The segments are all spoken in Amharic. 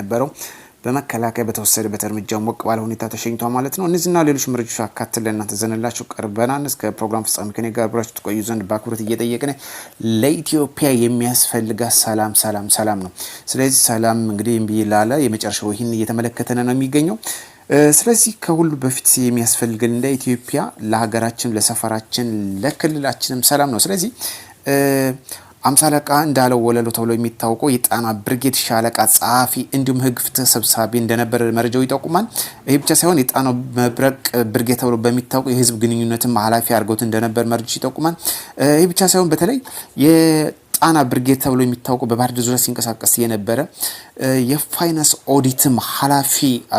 ነበረው በመከላከያ በተወሰደበት እርምጃ ሞቅ ባለ ሁኔታ ተሸኝቷ ማለት ነው። እነዚህና ሌሎች መረጃዎች አካተን ለእናንተ ዘንላችሁ ቀርበናል። እስከ ፕሮግራም ፍጻሜ ከኔ ጋር ብራችሁ ትቆዩ ዘንድ በአክብሮት እየጠየቅን ለኢትዮጵያ የሚያስፈልጋት ሰላም ሰላም ሰላም ነው። ስለዚህ ሰላም እንግዲህ እምቢ ላለ የመጨረሻው ይህን እየተመለከተን ነው የሚገኘው ስለዚህ ከሁሉ በፊት የሚያስፈልግ እንደ ኢትዮጵያ ለሀገራችን፣ ለሰፈራችን፣ ለክልላችንም ሰላም ነው። ስለዚህ አምሳ አለቃ እንዳለው ወለሉ ተብሎ የሚታወቀው የጣና ብርጌድ ሻለቃ ጸሐፊ እንዲሁም ሕግ ፍትህ ሰብሳቢ እንደነበረ መረጃው ይጠቁማል። ይህ ብቻ ሳይሆን የጣና መብረቅ ብርጌድ ተብሎ በሚታወቀው የህዝብ ግንኙነትም ኃላፊ አድርገውት እንደነበር መረጃው ይጠቁማል። ይህ ብቻ ሳይሆን በተለይ የጣና ብርጌድ ተብሎ የሚታወቀው በባህር ዳር ዙሪያ ሲንቀሳቀስ የነበረ የፋይናንስ ኦዲትም ኃላፊ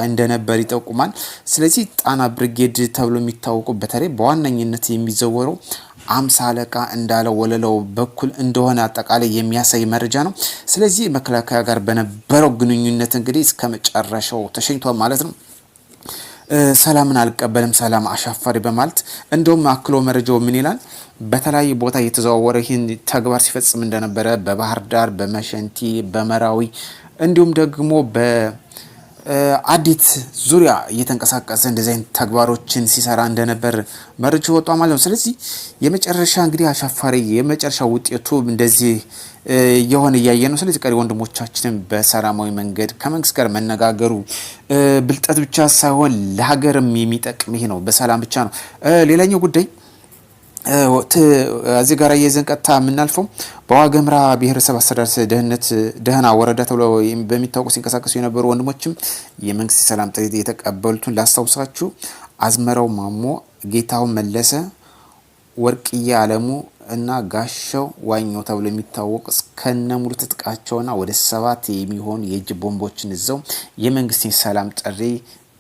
እንደነበር ይጠቁማል። ስለዚህ ጣና ብርጌድ ተብሎ የሚታወቀው በተለይ በዋነኝነት የሚዘወረው አምሳ አለቃ እንዳለ ወለለው በኩል እንደሆነ አጠቃላይ የሚያሳይ መረጃ ነው። ስለዚህ መከላከያ ጋር በነበረው ግንኙነት እንግዲህ እስከ መጨረሻው ተሸኝቷል ማለት ነው። ሰላምን አልቀበልም፣ ሰላም አሻፈሪ በማለት እንደውም አክሎ መረጃው ምን ይላል? በተለያዩ ቦታ እየተዘዋወረ ይህን ተግባር ሲፈጽም እንደነበረ በባህር ዳር፣ በመሸንቲ፣ በመራዊ እንዲሁም ደግሞ በ አዲት ዙሪያ እየተንቀሳቀሰ እንደዚህ አይነት ተግባሮችን ሲሰራ እንደነበር መረጃ ወጣ ማለት ነው። ስለዚህ የመጨረሻ እንግዲህ አሻፋሪ የመጨረሻ ውጤቱ እንደዚህ የሆነ እያየ ነው። ስለዚህ ቀሪ ወንድሞቻችንም በሰላማዊ መንገድ ከመንግስት ጋር መነጋገሩ ብልጠት ብቻ ሳይሆን ለሀገርም የሚጠቅም ይሄ ነው። በሰላም ብቻ ነው። ሌላኛው ጉዳይ እዚህ ጋር የዘን ቀጥታ የምናልፈው በዋገምራ ብሔረሰብ አስተዳደር ደህንነት ደህና ወረዳ ተብሎ በሚታወቁ ሲንቀሳቀሱ የነበሩ ወንድሞችም የመንግስት ሰላም ጥሪት የተቀበሉትን ላስታውሳችሁ። አዝመራው ማሞ፣ ጌታው መለሰ፣ ወርቅዬ አለሙ እና ጋሻው ዋኞ ተብሎ የሚታወቅ እስከነ ሙሉ ትጥቃቸውና ወደ ሰባት የሚሆኑ የእጅ ቦምቦችን ይዘው የመንግስትን ሰላም ጥሪ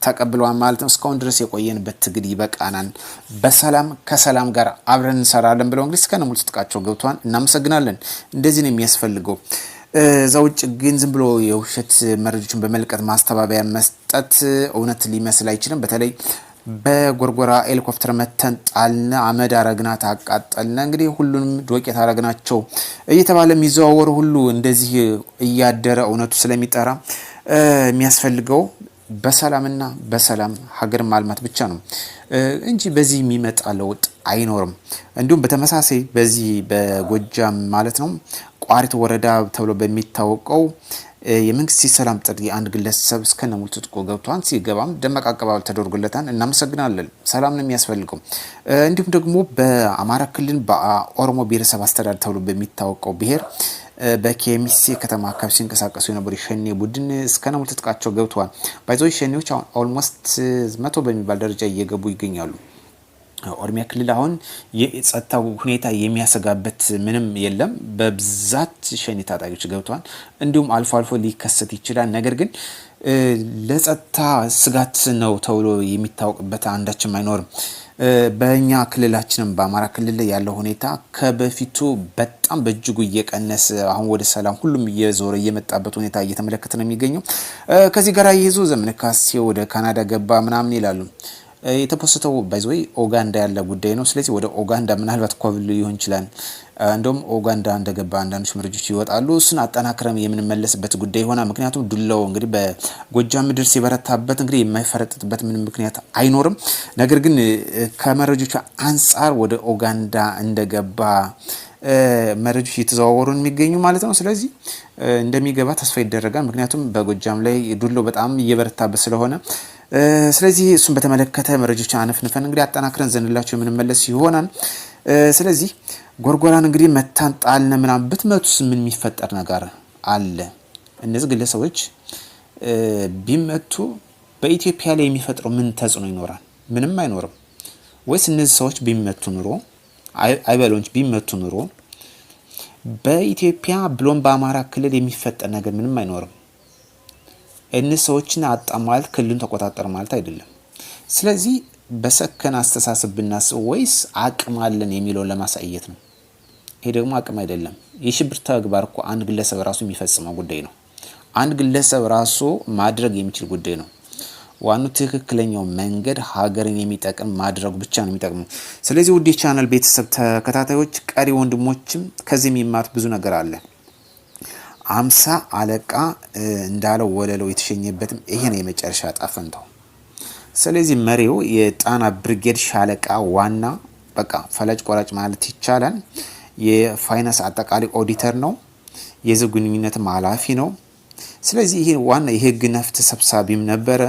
ተቀብለዋል ማለት ነው። እስካሁን ድረስ የቆየንበት ትግል ይበቃናል፣ በሰላም ከሰላም ጋር አብረን እንሰራለን ብለው እንግዲህ እስከነ ሙሉ ትጥቃቸው ገብተዋል። እናመሰግናለን። እንደዚህ ነው የሚያስፈልገው። እዛ ውጭ ግን ዝም ብሎ የውሸት መረጆችን በመልቀት ማስተባበያ መስጠት እውነት ሊመስል አይችልም። በተለይ በጎርጎራ ሄሊኮፕተር መተን ጣልነ፣ አመድ አረግናት፣ አቃጠልነ፣ እንግዲህ ሁሉንም ዶቄት አረግናቸው እየተባለ የሚዘዋወሩ ሁሉ እንደዚህ እያደረ እውነቱ ስለሚጠራ የሚያስፈልገው በሰላምና በሰላም ሀገር ማልማት ብቻ ነው እንጂ በዚህ የሚመጣ ለውጥ አይኖርም። እንዲሁም በተመሳሳይ በዚህ በጎጃም ማለት ነው ቋሪት ወረዳ ተብሎ በሚታወቀው የመንግስት የሰላም ጥሪ አንድ ግለሰብ እስከነ ሙሉ ትጥቁ ገብቷን ሲገባም ደመቅ አቀባበል ተደርጎለታን እናመሰግናለን። ሰላም ነው የሚያስፈልገው። እንዲሁም ደግሞ በአማራ ክልል በኦሮሞ ብሔረሰብ አስተዳደር ተብሎ በሚታወቀው ብሔር በኬሚሴ ከተማ አካባቢ ሲንቀሳቀሱ የነበሩ የሸኔ ቡድን እስከ ሙሉ ትጥቃቸው ገብተዋል። ባይዞ ሸኔዎች አሁን ኦልሞስት መቶ በሚባል ደረጃ እየገቡ ይገኛሉ። ኦሮሚያ ክልል አሁን የጸጥታው ሁኔታ የሚያሰጋበት ምንም የለም። በብዛት ሸኔ ታጣቂዎች ገብተዋል። እንዲሁም አልፎ አልፎ ሊከሰት ይችላል። ነገር ግን ለጸጥታ ስጋት ነው ተብሎ የሚታወቅበት አንዳችም አይኖርም። በእኛ ክልላችንም በአማራ ክልል ያለው ሁኔታ ከበፊቱ በጣም በእጅጉ እየቀነሰ አሁን ወደ ሰላም ሁሉም እየዞረ እየመጣበት ሁኔታ እየተመለከተ ነው የሚገኘው። ከዚህ ጋር ይዞ ዘመነ ካሴ ወደ ካናዳ ገባ ምናምን ይላሉ። የተፖስተው ባይዘወይ ኦጋንዳ ያለ ጉዳይ ነው። ስለዚህ ወደ ኦጋንዳ ምናልባት ኮብል ሊሆን ይችላል። እንደውም ኦጋንዳ እንደገባ አንዳንዶች መረጆች ይወጣሉ። እሱን አጠናክረም የምንመለስበት ጉዳይ ሆና ምክንያቱም ዱላው እንግዲህ በጎጃም ምድር ሲበረታበት እንግዲህ የማይፈረጥጥበት ምንም ምክንያት አይኖርም። ነገር ግን ከመረጆቹ አንጻር ወደ ኦጋንዳ እንደገባ መረጆች እየተዘዋወሩ የሚገኙ ማለት ነው። ስለዚህ እንደሚገባ ተስፋ ይደረጋል። ምክንያቱም በጎጃም ላይ ዱሎ በጣም እየበረታበት ስለሆነ ስለዚህ እሱን በተመለከተ መረጃዎች አነፍንፈን እንግዲህ አጠናክረን ዘንላቸው የምንመለስ ይሆናል። ስለዚህ ጎርጎራን እንግዲህ መታን ጣልነ ምናምን ብትመቱስ ምን የሚፈጠር ነገር አለ? እነዚህ ግለሰቦች ቢመቱ በኢትዮጵያ ላይ የሚፈጥረው ምን ተጽዕኖ ይኖራል? ምንም አይኖርም። ወይስ እነዚህ ሰዎች ቢመቱ ኑሮ አይበሎች ቢመቱ ኑሮ በኢትዮጵያ ብሎም በአማራ ክልል የሚፈጠር ነገር ምንም አይኖርም። እነ ሰዎችን አጣማል ክልሉን ተቆጣጠር ማለት አይደለም። ስለዚህ በሰከን አስተሳሰብ ብናስብ ወይስ አቅም አለን የሚለውን ለማሳየት ነው። ይሄ ደግሞ አቅም አይደለም። የሽብር ተግባር እኮ አንድ ግለሰብ ራሱ የሚፈጽመው ጉዳይ ነው። አንድ ግለሰብ ራሱ ማድረግ የሚችል ጉዳይ ነው። ዋናው ትክክለኛው መንገድ ሀገርን የሚጠቅም ማድረጉ ብቻ ነው የሚጠቅመው። ስለዚህ ውድ የቻናል ቤተሰብ ተከታታዮች ቀሪ ወንድሞችም ከዚህ የሚማሩት ብዙ ነገር አለ። አምሳ አለቃ እንዳለው ወለለው የተሸኘበትም ይሄ ነው የመጨረሻ ጣፈንተው። ስለዚህ መሪው የጣና ብርጌድ ሻለቃ ዋና በቃ ፈላጭ ቆራጭ ማለት ይቻላል የፋይናንስ አጠቃላይ ኦዲተር ነው። የህዝብ ግንኙነትም ኃላፊ ነው። ስለዚህ ይሄ ዋና የህግ ነፍት ሰብሳቢም ነበረ።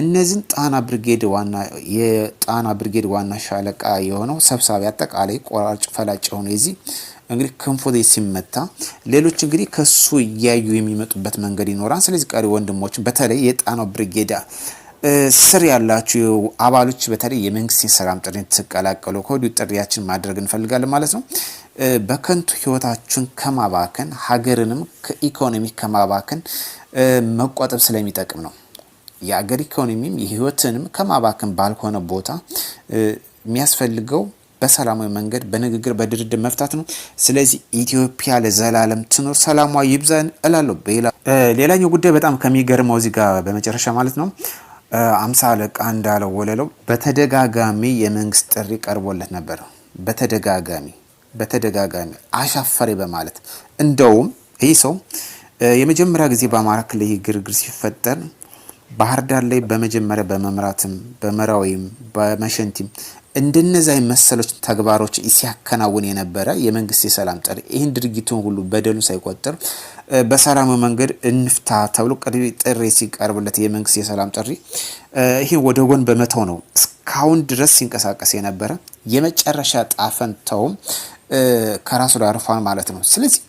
እነዚህን ጣና ብርጌድ ዋና የጣና ብርጌድ ዋና ሻለቃ የሆነው ሰብሳቢ አጠቃላይ ቆራጭ ፈላጭ የሆነ የዚህ እንግዲህ ክንፉ ሲመታ ሌሎች እንግዲህ ከሱ እያዩ የሚመጡበት መንገድ ይኖራል። ስለዚህ ቀሪ ወንድሞች በተለይ የጣናው ብርጌዳ ስር ያላችሁ አባሎች በተለይ የመንግስት የሰላም ጥሪ ትቀላቀሉ ከወዲሁ ጥሪያችን ማድረግ እንፈልጋለን ማለት ነው። በከንቱ ህይወታችሁን ከማባከን ሀገርንም ከኢኮኖሚ ከማባከን መቆጠብ ስለሚጠቅም ነው። የአገር ኢኮኖሚም የህይወትንም ከማባከን ባልሆነ ቦታ የሚያስፈልገው በሰላማዊ መንገድ በንግግር በድርድር መፍታት ነው። ስለዚህ ኢትዮጵያ ለዘላለም ትኖር፣ ሰላሟ ይብዛን እላለሁ። ሌላኛው ጉዳይ በጣም ከሚገርመው እዚህ ጋር በመጨረሻ ማለት ነው አምሳ አለቃ እንዳለው ወለለው በተደጋጋሚ የመንግስት ጥሪ ቀርቦለት ነበር። በተደጋጋሚ በተደጋጋሚ አሻፈሬ በማለት እንደውም ይህ ሰው የመጀመሪያ ጊዜ በአማራ ክልል ይህ ግርግር ሲፈጠር ባህር ዳር ላይ በመጀመሪያ በመምራትም በመራዊም በመሸንቲም እንደነዚያ መሰሎች ተግባሮች ሲያከናውን የነበረ የመንግስት የሰላም ጥሪ ይህን ድርጊቱን ሁሉ በደሉን ሳይቆጥር በሰላም መንገድ እንፍታ ተብሎ ጥሪ ሲቀርብለት የመንግስት የሰላም ጥሪ ይህን ወደ ጎን በመተው ነው እስካሁን ድረስ ሲንቀሳቀስ የነበረ የመጨረሻ ጣፈንተውም ከራሱ ላይ አርፏል ማለት ነው። ስለዚህ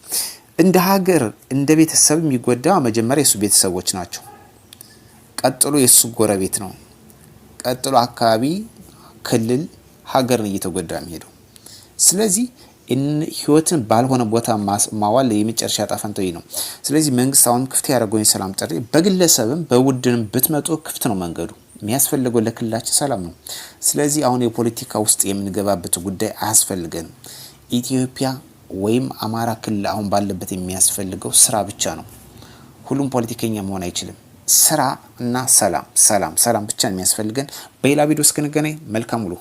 እንደ ሀገር እንደ ቤተሰብ የሚጎዳ መጀመሪያ የሱ ቤተሰቦች ናቸው። ቀጥሎ የእሱ ጎረቤት ነው። ቀጥሎ አካባቢ ክልል፣ ሀገርን እየተጎዳ የሚሄደው። ስለዚህ ህይወትን ባልሆነ ቦታ ማዋል የመጨረሻ ጣፈንታዊ ነው። ስለዚህ መንግስት አሁን ክፍት ያደረገው የሰላም ጥሪ በግለሰብም በቡድንም ብትመጡ ክፍት ነው መንገዱ። የሚያስፈልገው ለክልላችን ሰላም ነው። ስለዚህ አሁን የፖለቲካ ውስጥ የምንገባበት ጉዳይ አያስፈልገንም። ኢትዮጵያ ወይም አማራ ክልል አሁን ባለበት የሚያስፈልገው ስራ ብቻ ነው። ሁሉም ፖለቲከኛ መሆን አይችልም። ስራ እና ሰላም ሰላም ሰላም ብቻ የሚያስፈልገን። በሌላ ቪዲዮ እስክንገናኝ መልካም ውሎ